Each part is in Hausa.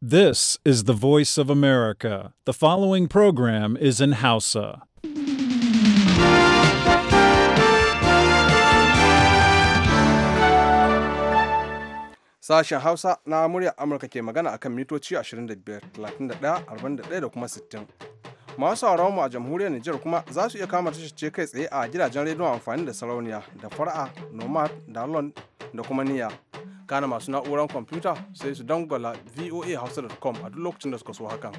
This is the voice of America. The following program is in Hausa. Sashen Hausa na murya Amurka ke magana akan mitoci 25, 31, 41 da kuma 60. masu sauraron mu a jamhuriyar Nijar kuma za su iya kama tashar ce kai tsaye a gidajen rediyon amfani da sarauniya da fara'a nomad da lon da kuma niya kana masu na'urar kwamfuta sai su dangwala voa hausa.com a duk lokacin da suka so hakan.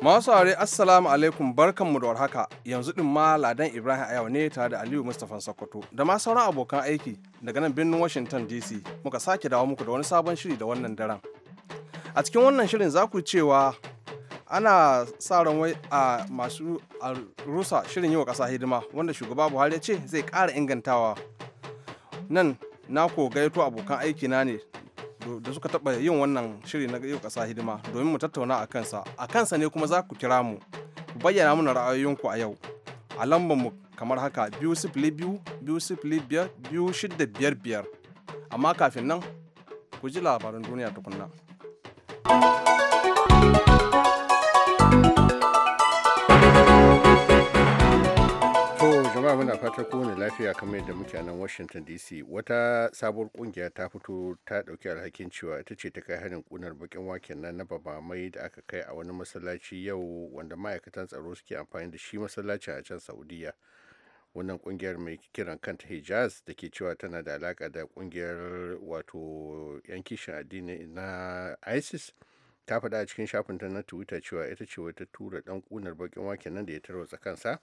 Masu aure assalamu alaikum barkanmu da warhaka yanzu din ma ladan Ibrahim a ne tare da Aliyu Mustapha Sokoto da ma sauran abokan aiki daga nan birnin Washington DC muka sake dawo muku da wani sabon shiri da wannan daren. A cikin wannan shirin za ku cewa ana sa ran a masu rusa shirin yi wa ƙasa hidima wanda shugaba Buhari ya ce zai ƙara ingantawa. Nan na ko gaito abokan aiki na ne da suka taɓa yin wannan shiri na yau ƙasa hidima domin mu tattauna a kansa a kansa ne kuma za ku kira mu bayyana mana ra'ayoyinku a yau a lambar mu kamar haka biyu sifili biyu biyu sifili biyar biyu shidda biyar biyar amma kafin nan ku ji labarin duniya tukunna. fatar kowane lafiya kamar yadda muke a nan Washington DC wata sabuwar kungiya ta fito ta dauki alhakin cewa ita ce ta kai harin kunar bakin waken nan na mai da aka kai a wani masallaci yau wanda ma'aikatan tsaro suke amfani da shi masallaci a can Saudiya. Wannan kungiyar mai kiran kanta Hijaz da ke cewa tana da alaka da kungiyar wato yan kishin addini na ISIS ta faɗa a cikin shafinta na Twitter cewa ita ce wata tura dan kunar bakin waken nan da ya tarwatsa kansa.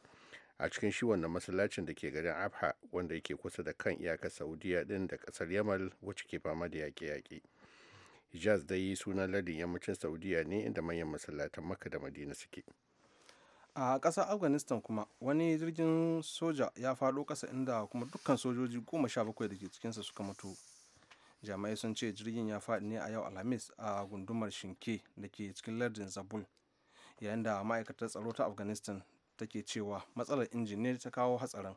a cikin shi wannan masallacin da ke garin abha wanda yake kusa da kan iyakar saudiya din da kasar yamal wacce ke fama da yaƙe-yaƙe hijaz dai sunan ladin yammacin saudiya ne inda manyan masallatan makka da madina suke a ƙasar afghanistan kuma wani jirgin soja ya faɗo ƙasa inda kuma dukkan sojoji goma sha bakwai da ke cikinsa suka mutu jami'ai sun ce jirgin ya faɗi ne a yau alhamis a gundumar shinke da ke cikin lardin zabul yayin da ma'aikatar tsaro ta afghanistan take cewa matsalar injin ne ta kawo hatsarin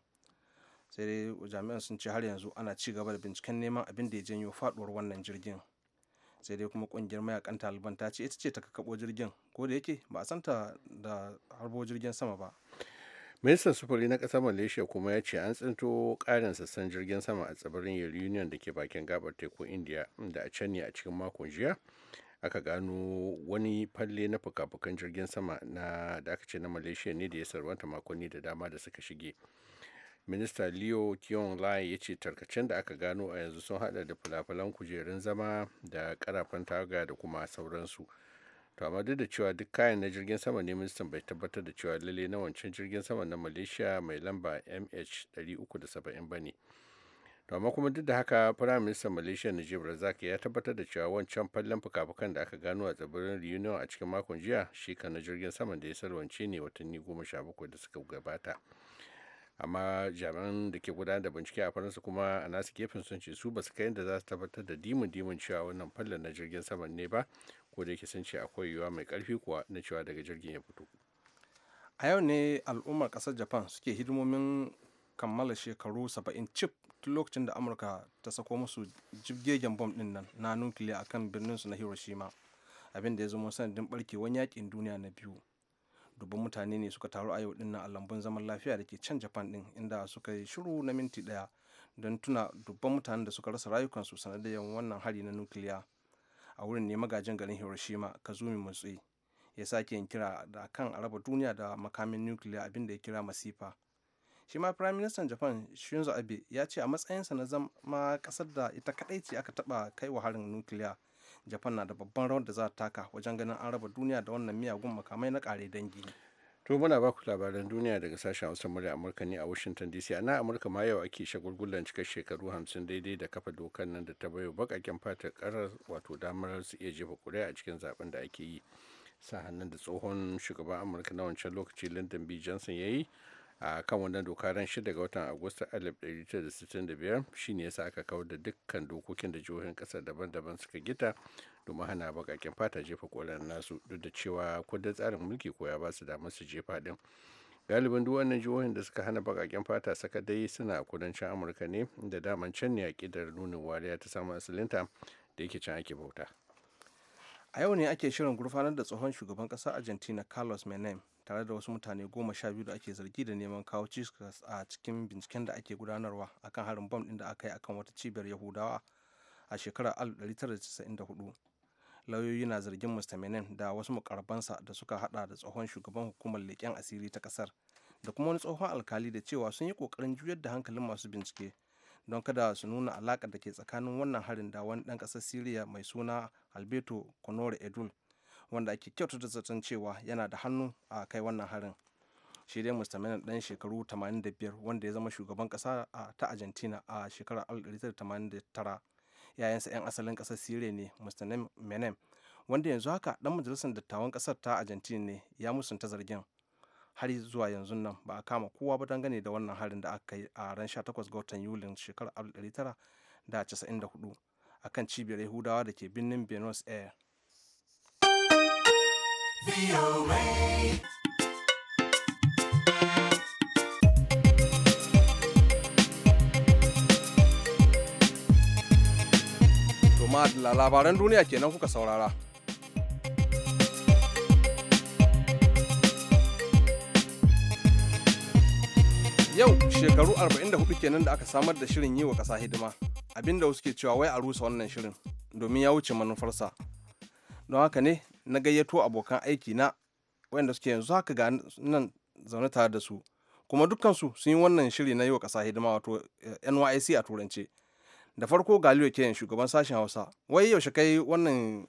sai dai jami'an sun ce har yanzu ana ci gaba da binciken neman abin da ya janyo faduwar wannan jirgin sai dai kuma kungiyar mayakan taliban ta ce ita ce ta kakabo jirgin ko da yake ba a santa da harbo jirgin sama ba ministan sufuri na ƙasar malaysia kuma ya ce an tsinto ƙarin sassan jirgin sama a tsibirin union da ke bakin gabar teku india da a can ne a cikin makon jiya aka gano wani falle na fuka-fukan jirgin sama na da aka ce na malaysia ne da ya sarwanta makonni da dama da suka shige minista leo kion lai ya ce tarkacen da aka gano a yanzu sun hada da fulafulan kujerun zama da karafan taga da kuma sauransu to amma duk da cewa duk kayan na jirgin sama ne ministan bai tabbatar da cewa lalle na wancan jirgin sama na malaysia mai lamba mh 370 ba ne to amma kuma duk da haka prime minister malaysia najib razak ya tabbatar da cewa wancan fallon fuka-fukan da aka gano a tsibirin reunion a cikin makon jiya shi kan na jirgin saman da ya salwance ne watanni goma sha bakwai da suka gabata amma jami'an da ke gudanar da bincike a faransa kuma a nasu gefen sun ce su ba su kai da za su tabbatar da dimin dimin cewa wannan fallon na jirgin saman ne ba ko da yake sun ce akwai yiwuwa mai karfi kuwa na cewa daga jirgin ya fito a yau ne al'ummar kasar japan suke hidimomin kammala shekaru 70 cif tun lokacin da amurka ta sako musu jibgegen bom din nan na nukiliya a kan su na hiroshima abin da ya zama sanadin barkewar yakin duniya na biyu dubban mutane ne suka taru a yau din nan a lambun zaman lafiya da ke can japan din inda suka yi shiru na minti daya don tuna dubban mutanen da suka rasa rayukansu sanadiyar wannan hari na nukiliya a wurin ne magajin garin hiroshima kazumi mutsi ya sake yin kira da kan araba duniya da makamin nukiliya abin da ya kira masifa shi ma prime minister japan shinzo abe ya ce a matsayinsa na zama kasar da ita kadai ce aka taba kai wa harin nukiliya japan na da babban rawar da za ta taka wajen ganin an raba duniya da wannan miyagun makamai na kare dangi to muna ba ku labaran duniya daga sashen hausa murya amurka ne a washington dc a nan amurka ma yau ake shagulgulan cikar shekaru hamsin daidai da kafa dokar nan da ta bayo bakaken fata karar wato damar su iya jefa kuri'a a cikin zaben da ake yi sa hannun da tsohon shugaban amurka na wancan lokaci lyndon b johnson ya yi a kan wannan doka ran 6 ga watan agusta 1965 shine yasa aka kawar da dukkan dokokin da jihohin kasar daban-daban suka gita domin hana bakakin fata jefa kolan nasu duk da cewa da tsarin mulki ko ya ba su damar su jefa din galibin duk wannan jihohin da suka hana bakakin fata saka dai suna kudancin amurka ne da daman can ne a kidar nunin wariya ta samun asalinta da yake can ake bauta a yau ne ake shirin gurfanar da tsohon shugaban kasa argentina carlos menem tare da wasu mutane goma sha biyu da ake zargi da neman kawo cikas a cikin binciken da ake gudanarwa akan harin bom ɗin da aka yi akan wata cibiyar yahudawa a shekarar 1994 lauyoyi na zargin mr menen da wasu mukarbansa da suka hada da tsohon shugaban hukumar leƙen asiri ta ƙasar da kuma wani tsohon alkali da cewa sun yi ƙoƙarin juyar da hankalin masu bincike don kada su nuna alaƙa da ke tsakanin wannan harin da wani ɗan ƙasar siriya mai suna alberto conore edul wanda ake kyautata zaton cewa yana da hannu a kai wannan harin shi dai mustamina dan shekaru 85 wanda ya zama shugaban kasa ta argentina a shekarar 1989 yayansa 'yan asalin kasar sire ne mustamina menem wanda yanzu haka dan majalisar dattawan kasar ta argentina ne ya musunta zargin har zuwa yanzu nan ba a kama kowa ba dangane da wannan harin da aka yi a ran 18 ga watan yulin shekarar 1994 kan cibiyar yahudawa da ke birnin buenos air. Madalla labaran duniya kenan kuka saurara. Yau shekaru 44 kenan da aka samar da shirin yi wa ƙasa hidima, abinda wasu ke cewa wai a rusa wannan shirin domin ya wuce manufarsa. Don haka ne na gayyato abokan aiki na wayanda suke yanzu haka ga nan zaune tare da su kuma dukkansu sun yi wannan shiri na yi wa ƙasa hidima wato eh, NYC a turance da farko galiyo kenan shugaban sashen hausa wai yaushe kai wannan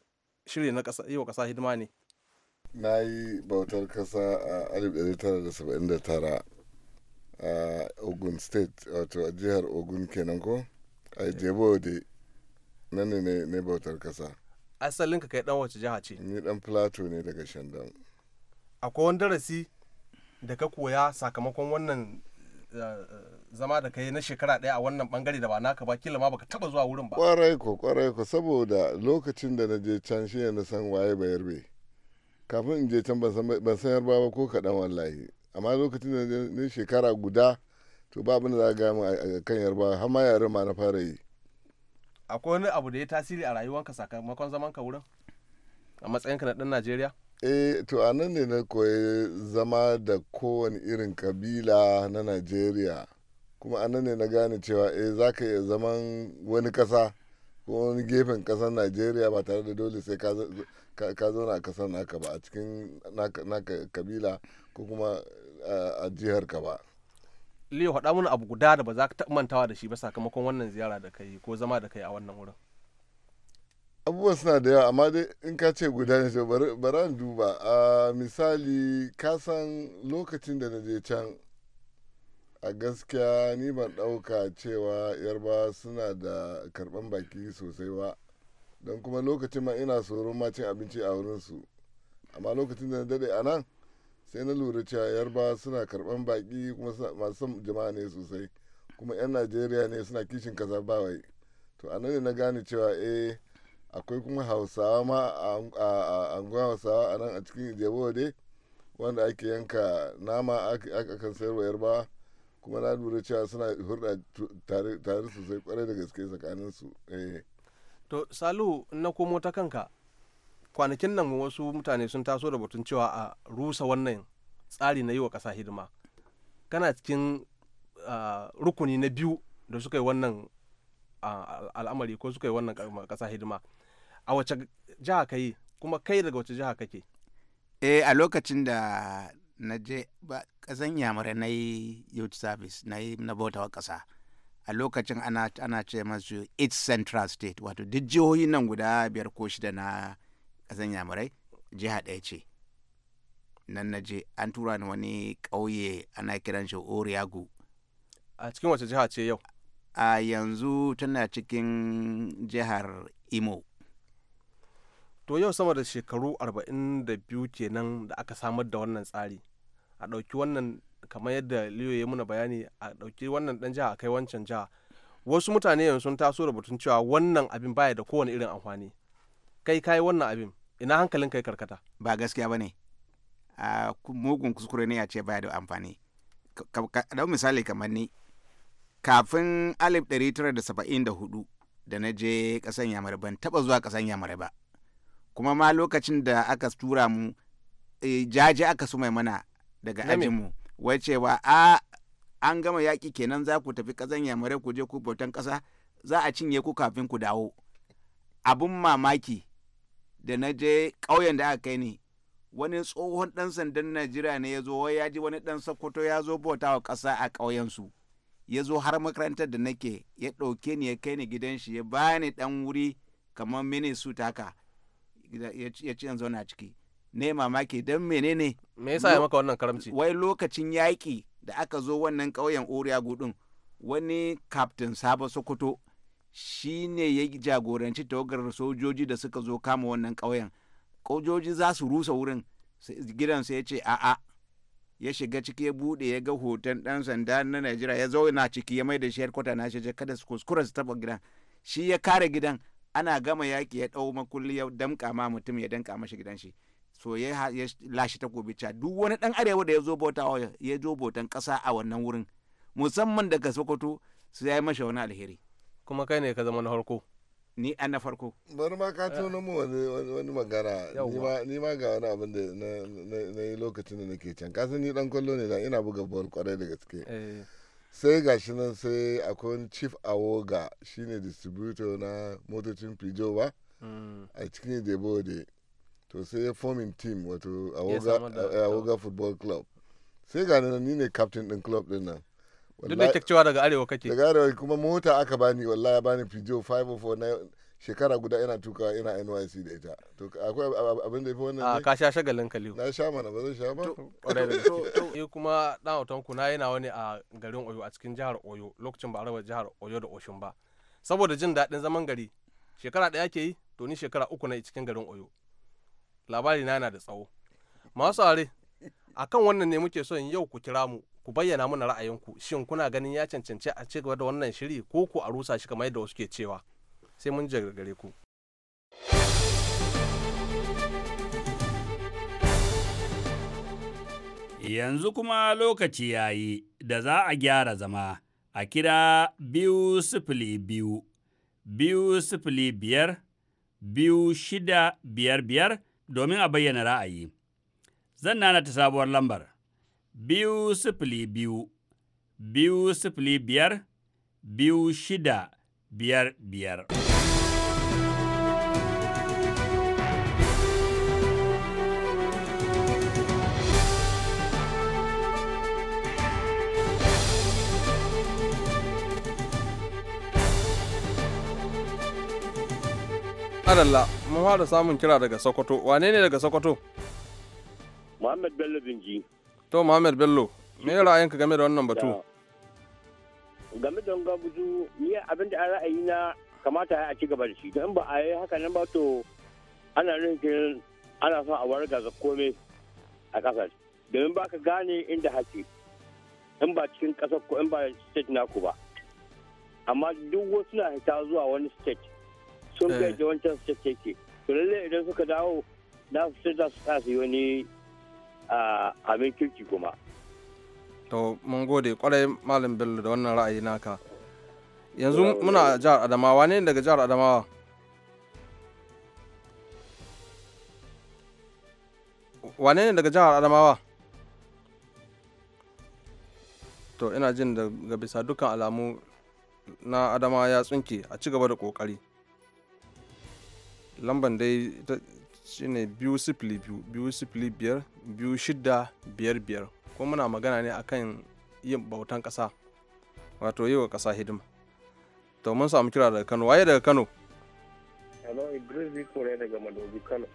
shiri na yi wa ƙasa hidima ne na yi bautar kasa a 1979 a ogun state wato jihar ogun kenan ko a jebo de nan ne ne bautar kasa asalin ka kai dan wace jiha ce ni dan plateau ne daga shandam akwai wani darasi da ka koya sakamakon wannan eh, eh, zama da kai na shekara ɗaya a wannan bangare da ba naka ba kila ma baka taba zuwa wurin ba kwarai ko kwarai ko saboda lokacin da na je can shi na san waye bayarbe kafin in je can ban san ba ko kaɗan wallahi amma lokacin da na shekara guda to ba abin da za a gaya min kan yarba har ma yaren ma na fara yi akwai wani abu da ya tasiri a rayuwanka sakamakon zaman ka wurin a matsayinka na dan najeriya eh to a nan ne na koyi zama da kowane irin kabila na najeriya kuma a nan ne na gane cewa e za ka iya zaman wani kasa ko wani gefen kasar najeriya ba tare da dole sai ka zauna a kasar naka ba a cikin naka kabila ko kuma eh, a jihar ka ba Leo haɗa mana abu guda da ba za ka mantawa da shi ba sakamakon wannan ziyara da kai ko zama da kai a wannan wurin. Abubuwan suna da yawa amma dai in ka ce guda ne to bara in duba a misali ka san lokacin da na je can a gaskiya ni ban ɗauka cewa yarba suna da karɓan baki sosai ba don kuma lokacin ma ina tsoron ma cin abinci a wurinsu amma lokacin da na daɗe a nan sai na lura cewa yarba suna karban baki kuma masu son jama'a ne sosai kuma 'yan najeriya ne suna kishin kasa wai to a nan ne na gane cewa eh akwai kuma hausawa ma a anguwa hausawa a nan a cikin jebo dai wanda ake yanka nama aka kan sayarwa yarba kuma na lura cewa suna hurɗa tare sosai kwarai da gaske tsakaninsu eh to salu na komo ta kanka kwanakin nan wasu mutane sun taso da batun cewa a rusa wannan tsari na yi wa ƙasa hidima kana cikin rukuni na biyu da suka yi wannan al'amari ko suka yi wannan ƙasa hidima a wace jiha ka yi kuma kai daga wace jiha kake eh a lokacin da na je ba ƙasan yamurai na yi youth service na yi na wa ƙasa a lokacin ana, ce masu 8 central state wato duk jihohi nan guda biyar ko shida na zan yamurai jiha ɗaya ce nan na je an tura ni wani ƙauye ana kiran shi oriyagu a cikin wace jiha ce yau a yanzu tana cikin jihar imo to yau sama da shekaru 42 kenan da aka samar da wannan tsari a ɗauki wannan kamar yadda liyo ya muna bayani a ɗauki wannan ɗan jiha a kai wancan jiha wasu mutane yanzu sun taso da batun cewa wannan abin baya da kowane irin amfani kai kayi wannan abin ina hankalin kai karkata ba gaskiya bane a mugun kuskure ne ya ce baya da amfani da misali kamar ni kafin 1974 da na je kasan yamare ban taba zuwa kasan yamare ba kuma ma lokacin da aka tura mu e, jaje aka su mai mana daga ajinmu wacewa a an gama yaƙi kenan za ku tafi kasan yamare ku je ku bautan ƙasa za a cinye ku kafin ku dawo abun mamaki da na je ƙauyen da aka kai ni wani tsohon ɗan sandan najeriya ne ya zo wai ya ji wani ɗan sokoto ya zo bauta wa ƙasa a ƙauyensu ya zo har makarantar da nake ya ɗauke ni ya kai ni gidan shi ya bani ɗan wuri kamar mini su taka ya ci yanzu na ciki ne mamaki don menene me yasa ya maka wannan karamci wai lokacin yaƙi da aka zo wannan ƙauyen oriya gudun wani kaftin sabo sokoto shi ne ya jagoranci tawagar sojoji da suka zo kama wannan ƙauyen ƙojoji za su rusa wurin gidan sai ya ce a'a ya shiga ciki ya buɗe ya ga hoton ɗan sanda na najeriya ya zauna ciki ya mai da shi kwata na shi kada su kuskura su taɓa gidan shi ya kare gidan ana gama yaki ya ɗau makulli ya damƙa ma mutum ya damƙa mashi gidan shi so ya lashe takobi ca duk wani dan arewa da ya zo bauta ya zo bautan ƙasa a wannan wurin musamman daga sokoto su ya yi mashi wani alheri kuma kai ne ka zama na farko ni an na farko bari ma ka tono mu wani magana ni ma ga wani abin da na yi lokacin da nake can kasan ni dan kwallo ne da ina buga bol kwarai da gaske eh. sai ga shi nan sai akwai chief awoga shine distributor na motocin pijo ba mm. a cikin bode to sai ya forming team wato awoga football club sai ga nan ni ne captain din club din nan duk da cewa daga arewa kake daga arewa kuma mota aka bani wallahi ya bani Peugeot 504 na shekara guda ina tukawa ina NYC da ita to akwai abin da yafi wannan a ka sha shagalin kaliyo na sha mana ba zan sha ba to kuma dan hoton ku na yana wani a garin Oyo a cikin jihar Oyo lokacin ba araba jihar Oyo da Oshun ba saboda jin daɗin zaman gari shekara ɗaya ke yi to ni shekara uku na cikin garin Oyo labari na yana da tsawo masu are akan wannan ne muke son yau ku kira mu ku bayyana mana ra'ayinku shin kuna ganin ya cancanci a ci gaba da wannan shiri ko ku a rusa shi kamar yadda wasu ke cewa sai mun gare ku yanzu kuma lokaci ya yi da za a gyara zama a kira biyu sifili biyu biyu sifili biyar biyu shida biyar biyar domin a bayyana ra'ayi Zan nana ta sabuwar lambar biyu sifili biyu, biyu sifili biyar, biyu shida biyar biyar. Adalla, mun fara samun kira daga Sokoto. Wane ne daga Sokoto? Muhammad Bello Binji. To Muhammad Bello, me ra'ayinka game da wannan batu? Game da wanga buzu, ni abin da ra'ayi na kamata a ci gaba da shi, don ba a yi haka nan ba to ana rinkin ana son a warga ga kome a ƙasar. Domin ba ka gane inda hake, in ba cikin ƙasar ko in ba state naku ba. Amma duk wasu na hita zuwa wani state, sun kai eh. da wancan state yake. To lallai idan suka dawo, na su sai za su wani abin kirki kuma to mun gode kwarai malin bello da wannan ra'ayi naka yanzu muna jihar adamawa ne daga jihar adamawa wane ne daga jihar adamawa to ina jin daga bisa dukkan alamu na adamawa ya tsunke a ci gaba da kokari lamban dai shine biyu sifili biyu biyu sifili biyar biyu shida biyar biyar kuma muna magana ne akan yin bautan kasa wato yi wa kasa hidima to mun samu kira daga kano waye daga kano hello idris diko ne daga madobi kano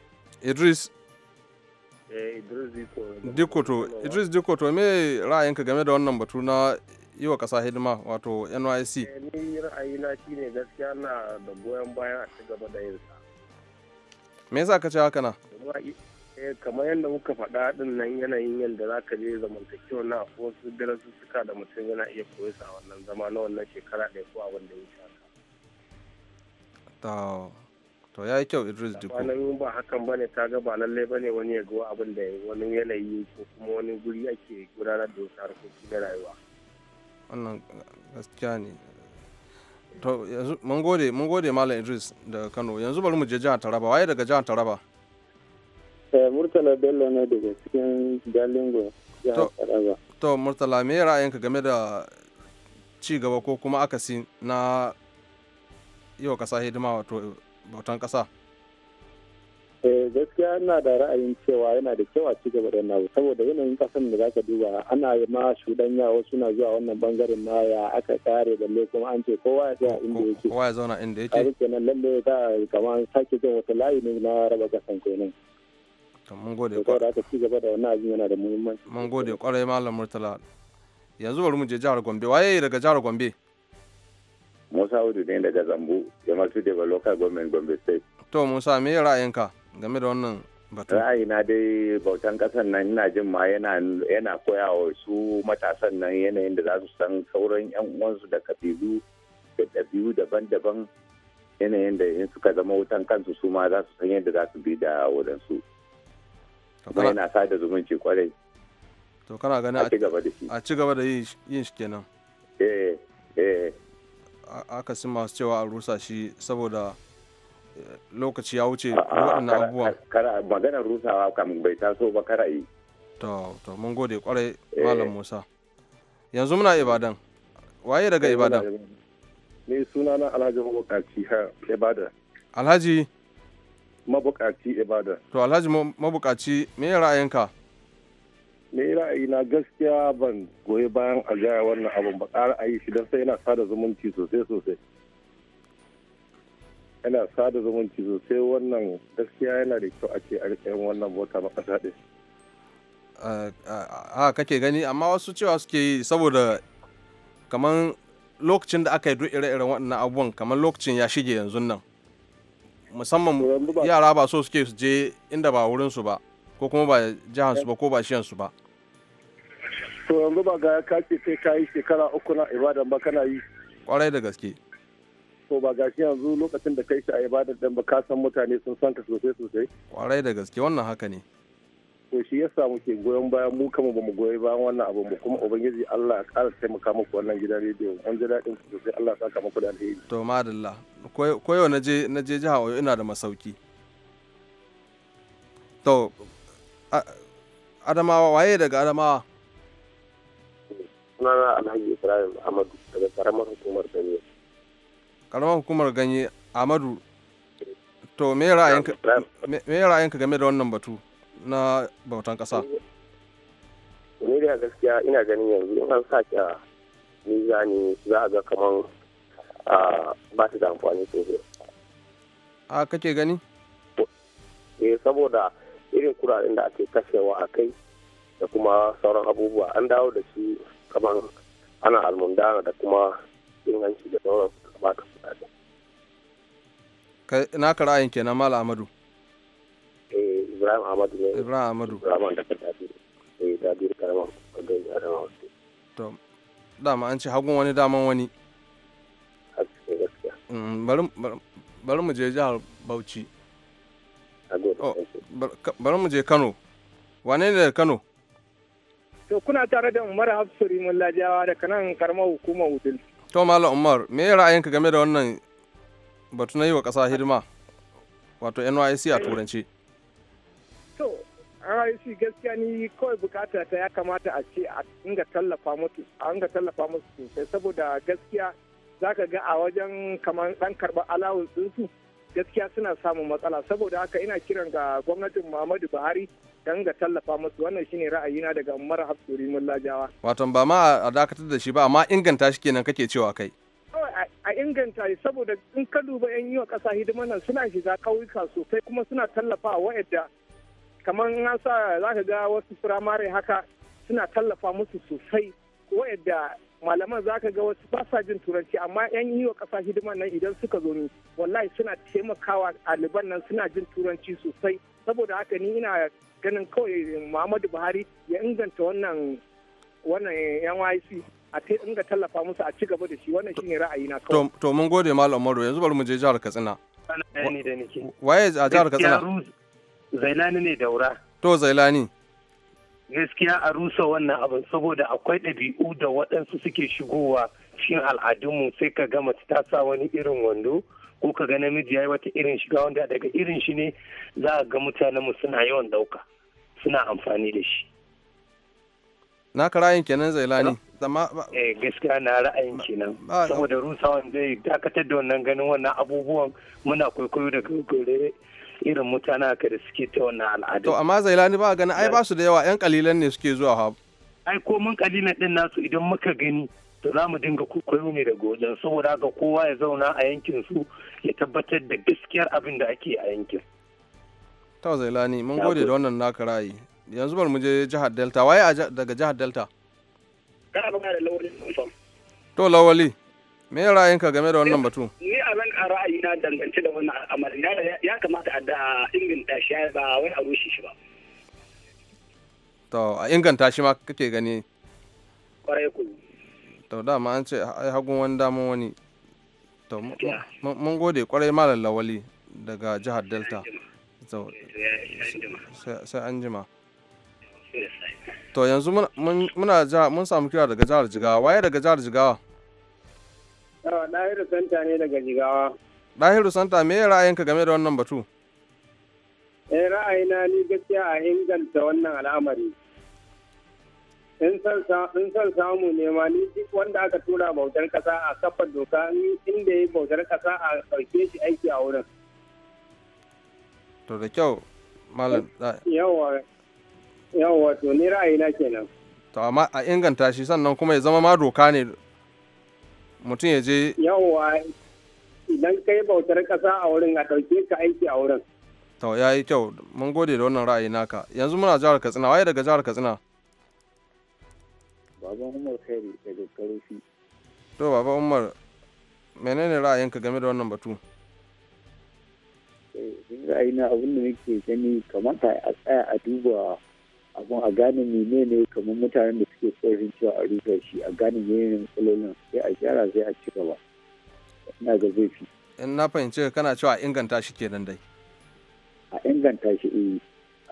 idris eh, idris to me ra'ayinka game da wannan batu na yi wa kasa hidima wato nyc eh, ni ra'ayina shine gaskiya na da goyon bayan a ci gaba da sa me yasa ka ce haka na eh, kamar yadda muka faɗa ɗin nan yanayin yadda za ka je zamantakewa na wasu suka da mutum yana iya koyi a wannan zama na wannan shekara ɗaya ko abin da ya wuce to ya yi kyau idris ba nan ba hakan ba ne ga ba lalle ba ne wani ya ga abin da wani yanayi ko kuma wani guri ake gudanar da wasu harkoki na rayuwa wannan gaskiya ne to yanzu mun gode mun gode malam idris da kano yanzu bari mu je jihar taraba waye daga jihar taraba eh, murtala bello ne daga cikin galingo jihar taraba to murtala me ra'ayinka game da ci gaba ko kuma akasi na yau kasa hidima wato bautan kasa eh gaskiya ina da ra'ayin cewa yana da kyau a ci gaba da nawo saboda yanayin kasan da za ka duba ana ma shudanya wasu na zuwa wannan bangaren ma ya aka kare balle kuma an ce kowa ya tsaya inda yake kowa ya zauna inda yake a kenan lalle ta kamar sake jin wata layi ne na raba kasan kenan mun gode kwarai da ci gaba da wannan abin yana da muhimmanci mun gode kwarai malam murtala yanzu bari mu je jihar gombe waye daga jihar gombe musa hudu ne daga zambu yamma su da local government gombe state to musa me ra'ayinka game da wannan batun na dai bautan kasan nan ina jin ma yana yana koya wa su matasan nan yanayin da za su san sauran yan uwansu da kabilu da ɗabi'u daban-daban yanayin da in suka zama wutan kansu su ma za su san yadda za su bi da wadansu kuma yana sada zumunci kwarai to kana ganin a ci gaba da yin shi kenan eh eh akasin masu cewa a rusa shi saboda lokaci ya wuce waɗannan abubuwan maganar rusawa kam bai taso ba kara yi to to mun gode kwarai eh. malam musa yanzu muna ibadan waye daga eh, ibadan ne suna na alhaji mabukaci ha ibadan alhaji mabukaci ibadan to alhaji mabukaci me ra'ayinka ra'ayi ra'ayina gaskiya ban goyi bayan a gaya wannan abun ba ƙara a yi shi don sai yana sada zumunci sosai sosai yana sada zumunci sosai wannan gaskiya yana da kyau a ce a riƙa wannan bota na ƙasa ɗin. a kake gani amma wasu cewa suke yi saboda kamar lokacin da aka yi duk ire-iren waɗannan abubuwan kamar lokacin ya shige yanzu nan musamman yara ba so suke su je inda ba wurin su ba ko kuma ba su ba ko ba su ba to yanzu ba ga ka ce sai ka yi shekara uku na ibadan ba kana yi kwarai da gaske to ba gashi yanzu lokacin da kai shi a ibada dan ba ka san mutane sun san ka sosai sosai kwarai da gaske wannan haka ne to shi yasa muke goyon bayan mu kama ba mu goyi bayan wannan abu mu kuma ubangiji Allah ya ƙara taimaka muku wannan gidan rediyo an ji daɗin ku sosai Allah ya saka muku da alheri to madalla koyo na je na je jiha wayo ina da masauki to Adamawa waye daga Adamawa sunana Alhaji Ibrahim Ahmadu daga karamar hukumar Benue karamar hukumar ganye amadu to me ra'ayinka game da wannan batu na bautan ƙasa ni da gaskiya ina ganin yanzu in an sa kya ni za za a ga kamar ba su da amfani sosai a kake gani eh saboda irin kuraren da ake kashewa a kai da kuma sauran abubuwa an dawo da shi kamar ana almundana da kuma inganci da sauran su na ka ra'ayin kenan mala amadu eh, ibrahim amadu ibrahim da eh, dama an ce hagun wani daman wani mm, bari mu je jihar bauchi oh, bari mu je kano wane ne da kano to kuna tare da umar hafsu mullajawa lajawa da kanan karamar hukumar udul to malam umar me ra'ayinka game da wannan batu na yi wa ƙasa hidima wato nyc a turanci to nyc gaskiya ni kawai bukata ta ya kamata a ce a inga tallafa musu a sosai saboda gaskiya za ka ga a wajen kamar dan karɓar alawun su gaskiya suna samun matsala saboda haka ina kiran ga gwamnatin muhammadu buhari dan ga tallafa musu wannan shine ra'ayina daga umar hafsuri mullajawa wato ba ma a dakatar da shi ba amma inganta shi kenan kake cewa kai a inganta shi saboda in ka duba yan yi wa ƙasa hidima nan suna shiga ƙauyuka sosai kuma suna tallafa wa'yanda kamar an sa za ka ga wasu firamare haka suna tallafa musu sosai waanda malaman za ka ga wasu ba sa jin turanci amma yan yi wa ƙasa hidima nan idan suka zo ni wallahi suna taimakawa ɗaliban nan suna jin turanci sosai saboda haka ni ina ganin kawai muhammadu buhari ya inganta wannan wannan nyc a ta inga tallafa musu a ci gaba da shi wannan shine ra'ayina kawai to mun gode malam umaru yanzu bari mu je jihar katsina waye a jihar katsina zailani ne daura to zailani gaskiya a rusa wannan abin saboda akwai ɗabi'u da waɗansu suke shigowa cikin al'adunmu sai ka ga mace ta sa wani irin wando ko ka ga namiji ya yi wata irin shiga wanda daga irin shi ne za a ga mutanenmu suna yawan ɗauka suna amfani da shi. Na ka ra'ayin kenan zailani. Eh gaskiya na ra'ayin kenan. Saboda rusawan zai dakatar da wannan ganin wannan abubuwan muna kwaikwayo daga irin mutane ka da suke ta wannan al'adu. To amma zailani ba gani ai ba su da yawa yan kalilan ne suke zuwa hab. Ai ko mun kalilan din nasu idan muka gani to za mu dinga kwaikwayo ne daga wajen saboda ga kowa ya zauna a yankin su ya tabbatar da gaskiyar abin da ake a yankin. To zailani mun gode da wannan naka ra'ayi. Yanzu bari mu je jihar Delta waye daga jihar Delta? Kana ba da lawali. To lawali me ra'ayinka game da wannan batu? Ni abin a ra'ayi na dangance da wannan al'amari ya kamata a da inganta shi ba wai a rushe shi ba to a inganta shi ma kake gani kwarai ku to dama an ce ai hagun wani damon wani to mun gode kwarai malam lawali daga jihar delta sai an jima to yanzu muna mun samu kira daga jihar jigawa waye daga jihar jigawa Ɗahiru Santa ne daga Jigawa. Ɗahiru Santa me ra'ayinka game da wannan batu? Eh ra'ayina ni gaskiya a inganta wannan al'amari. In son samu ne ma ni duk wanda aka tura bautar kasa a kafa doka inda ya bautar kasa a ɗauke shi aiki a wurin. To da kyau, Malam. Yawa, yawwa, to ni ra'ayina kenan. To amma a inganta shi sannan kuma ya zama ma doka ne mutum ya je yawwa idan kai bautar kasa a wurin a ɗauke ka aiki a wurin to ya yi kyau mun gode da wannan ra'ayi naka yanzu muna jihar katsina waye daga jihar katsina baban umar khairi daga shi. to baba umar menene ra'ayinka game da wannan batu eh, ra'ayi na abin da nake gani kamata a tsaya a duba abun a gane menene kamar mutanen da suke tsorin cewa a rusa shi a gane menene matsalolin sai a gyara sai a ci gaba ina ga zai fi in na fahimci kana cewa a inganta shi kenan dai a inganta shi eh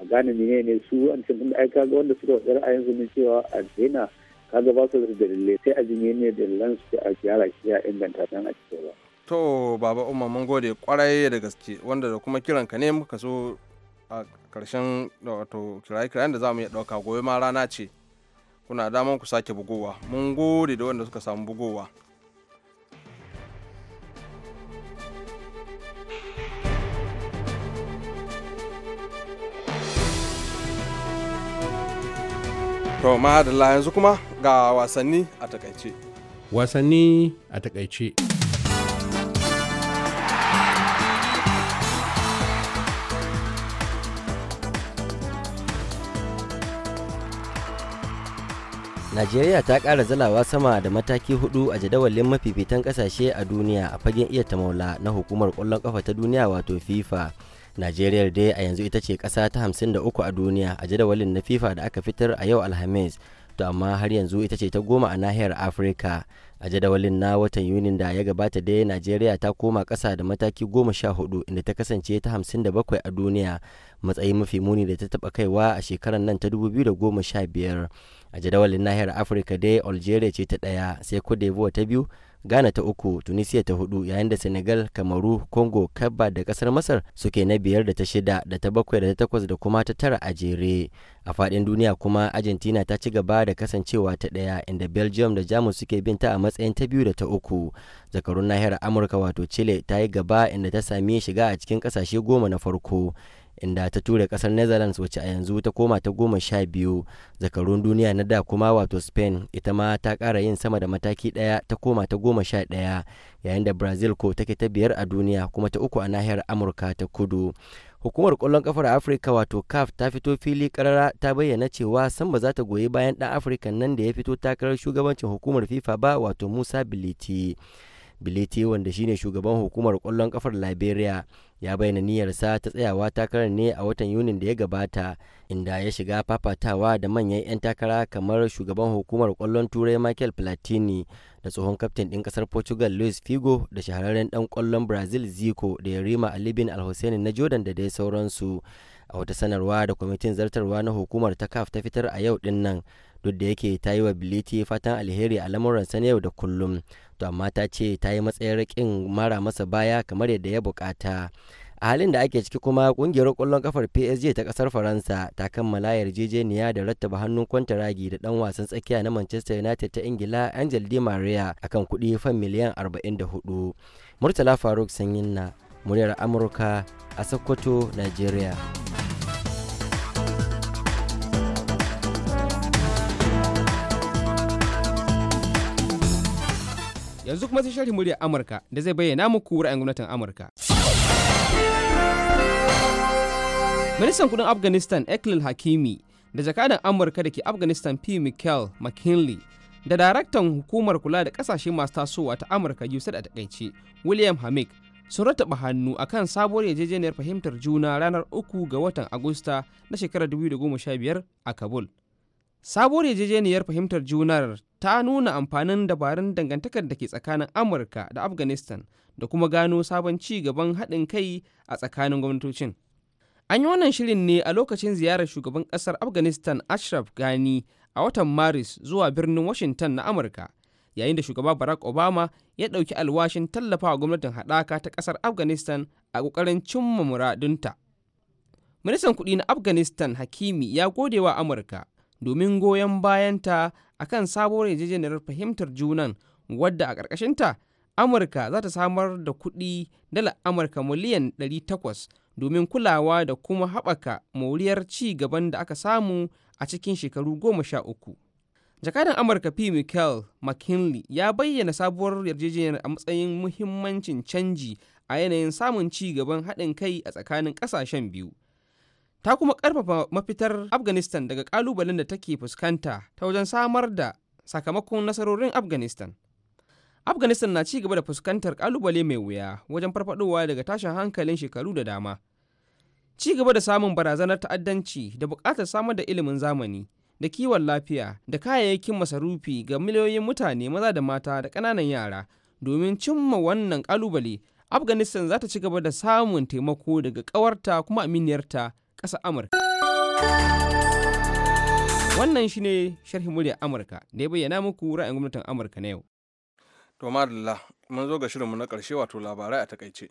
a gane menene su an cikin ai kaga wanda suka wadar a yanzu ne cewa a daina kaga ba su da dalilai sai a ji menene dalilan su a gyara shi a inganta dan a ci gaba to baba umma mun gode kwarai da gaske wanda da kuma kiranka ne muka so a karshen wato kiraye-kirayen da za mu iya ɗauka gobe ma rana ce kuna damar ku sake bugowa mun gode da wanda suka samu bugowa to ma da yanzu kuma ga wasanni a takaice wasanni a takaice Najeriya ta ƙara zalawa sama da mataki hudu a jadawalin mafifitan ƙasashe a duniya a fagen iya ta maula na hukumar ƙwallon ƙafa ta duniya wato FIFA. Najeriya dai a yanzu ita ce ƙasa ta hamsin da uku a duniya a jadawalin na FIFA da aka fitar a yau Alhamis. To amma har yanzu ita ce ta goma a nahiyar Afirka a jadawalin na watan yunin da ya gabata dai najeriya ta koma kasa da mataki goma sha hudu inda ta kasance ta hamsin da bakwai a duniya matsayi mafi muni da ta taba kaiwa a shekarar nan ta dubu biyu da goma sha biyar a jadawalin nahiyar afirka dai algeria ce ta ɗaya sai cote ta biyu ghana ta uku tunisia ta hudu yayin da senegal kamaru congo kabba da kasar masar suke na biyar da ta shida da ta bakwai da ta takwas da kuma ta tara a jere a fadin duniya kuma argentina ta ci gaba da kasancewa ta daya inda belgium da jamus suke bin ta a matsayin ta biyu da ta uku zakarun nahiyar amurka wato chile ta yi gaba inda ta sami shiga a cikin kasashe goma na farko inda ta ture kasar netherlands wacce a yanzu ta koma ta goma sha biyu zakarun duniya na da kuma wato spain ita ma ta kara yin sama da mataki daya ta koma ta goma sha daya yayin da brazil ko take ta biyar a duniya kuma ta uku a nahiyar amurka ta kudu hukumar kwallon kafar afirka wato caf ta fito fili karara ta bayyana cewa san ba za ta goyi bayan dan afirka nan da ya fito takarar shugabancin hukumar fifa ba wato musa biliti biliti wanda shine shugaban hukumar kwallon kafar liberia ya bayyana niyyarsa ta tsayawa takarar ne a watan yunin da ya gabata inda ya shiga fafatawa da manyan 'yan takara kamar shugaban hukumar kwallon turai michael platini da tsohon kaftin din ƙasar portugal luis figo da shahararren ɗan kwallon brazil zico da yarima alibin alhussein na jordan da dai sauransu a wata sanarwa da kwamitin zartarwa na hukumar ta caf ta fitar a yau ɗin nan duk da yake ta yi wa biliti fatan alheri a lamuransa na yau da kullum to amma ta ce ta yi matsayar rikin mara masa baya kamar yadda ya bukata a halin da ake ciki kuma kungiyar kwallon kafar psg ta kasar faransa ta kammala yarjejeniya da rattaba hannun kwantaragi da dan wasan tsakiya na manchester united ta ingila angel di maria akan kuɗi fan miliyan 44 murtala faruk sanyin na muryar amurka a sokoto nigeria Yanzu kuma sai sharhin muryar Amurka da zai bayyana muku ra'ayin gwamnatin Amurka. Ministan kudin Afghanistan Eklil Hakimi da jakadan Amurka da ke Afghanistan P. Michael McKinley da daraktan hukumar kula da kasashe masu tasowa ta Amurka USAID a takaice William Hamik sun rataba hannu akan sabuwar yarjejeniyar fahimtar juna ranar 3 ga watan Agusta na shekarar 2015 a Kabul. sabuwar yarjejeniyar fahimtar junar ta nuna amfanin dabarun dangantakar da ke tsakanin amurka da afghanistan da kuma gano sabon ci gaban haɗin kai a tsakanin gwamnatocin an yi wannan shirin ne a lokacin ziyarar shugaban ƙasar afghanistan ashraf gani a watan maris zuwa birnin washington na amurka yayin da shugaba barack obama ya ɗauki alwashin tallafawa gwamnatin haɗaka ta ƙasar afghanistan a ƙoƙarin cimma muradunta ministan kuɗi na afghanistan hakimi ya gode wa amurka domin goyon bayanta a kan sabuwar yarjejeniyar fahimtar junan wadda a ƙarƙashinta amurka za ta samar da kuɗi dala amurka miliyan 800 domin kulawa da kuma haɓaka moriyar ci gaban da aka samu a cikin shekaru goma sha uku jakadan amurka p michael mckinley ya bayyana sabuwar yarjejeniyar a matsayin muhimmancin canji a yanayin samun ci gaban haɗin kai a tsakanin ƙasashen biyu ta kuma ƙarfafa mafitar afghanistan daga ƙalubalen da take fuskanta ta wajen samar da sakamakon nasarorin afghanistan afghanistan na ci gaba da fuskantar ƙalubale mai wuya wajen farfadowa daga tashin hankalin shekaru da dama ci gaba da samun barazanar ta'addanci da buƙatar samar da ilimin zamani da kiwon lafiya da kayayyakin masarufi ga miliyoyin mutane maza da mata da ƙananan yara domin cimma wannan ƙalubale afghanistan za ta ci gaba da samun taimako daga ƙawarta kuma aminiyarta ƙasar Amurka. Wannan shine sharhin muryar Amurka da ya bayyana muku ra'ayin gwamnatin Amurka na yau. To madalla mun zo ga shirinmu na ƙarshe wato labarai a takaice.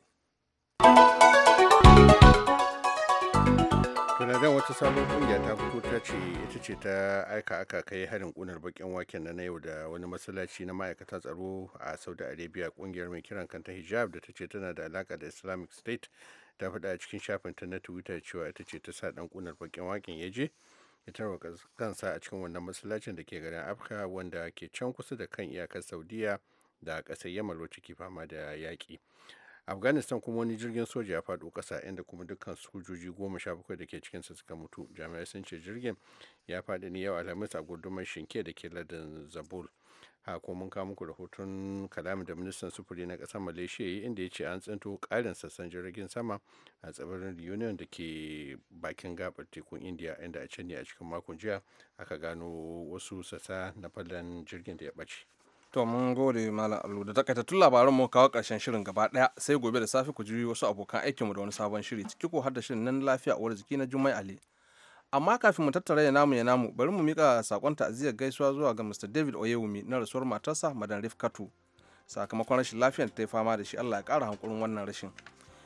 tunanin wata sabon kungiya ta fito ta ce ita ce ta aika aka kai harin kunar bakin waken na na yau da wani masallaci na ma'aikata tsaro a saudi arabia ƙungiyar mai kiran kanta hijab da ta ce tana da alaka da islamic state ta faɗa a cikin shafinta na twitter cewa ita ce ta sa ɗan ƙunar bakin waken ya je ya tarwa kansa a cikin wannan masallacin da ke garin afka wanda ke can kusa da kan iyakar saudiya da ƙasar yamma wacce ke fama da yaƙi afghanistan kuma wani jirgin soja ya faɗo ƙasa inda kuma dukkan sojoji goma sha bakwai da ke cikinsa suka mutu jami'ai sun ce jirgin ya faɗi ne yau alhamis a gundumar shinke da ke ladan zabul ha mun kawo muku rahoton kalamin da ministan sufuri na ƙasar malaysia yi inda ya ce an tsinto ƙarin sassan jirgin sama a tsibirin union da ke bakin gabar tekun india inda a can ne a cikin makon jiya aka gano wasu sassa na fallon jirgin da ya bace. To mun gode Malam Allu da tun labaran mu kawo karshen shirin gaba ɗaya sai gobe da safe ku ji wasu abokan aikinmu da wani sabon shiri ciki ko har da shirin nan lafiya uwar jiki na Jummai Ali. amma kafin mu tattara ya namu ya namu bari mu mika sakon ta'aziyar gaisuwa zuwa ga Mr. David Oyewumi na rasuwar matarsa Madan Rifkatu sakamakon rashin lafiyar ta ta fama da shi Allah ya kara hankulin wannan rashin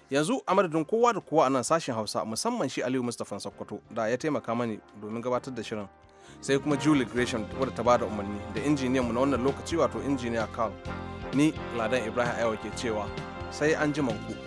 yanzu a madadin kowa da kowa a nan sashen Hausa musamman shi Aliyu Mustapha Sokoto da ya taimaka mani domin gabatar da shirin sai kuma Julie Gresham wadda ta bada umarni da injiniyan mu na wannan lokaci wato injiniya Carl ni Ladan Ibrahim Ayo ke cewa sai an ji ku.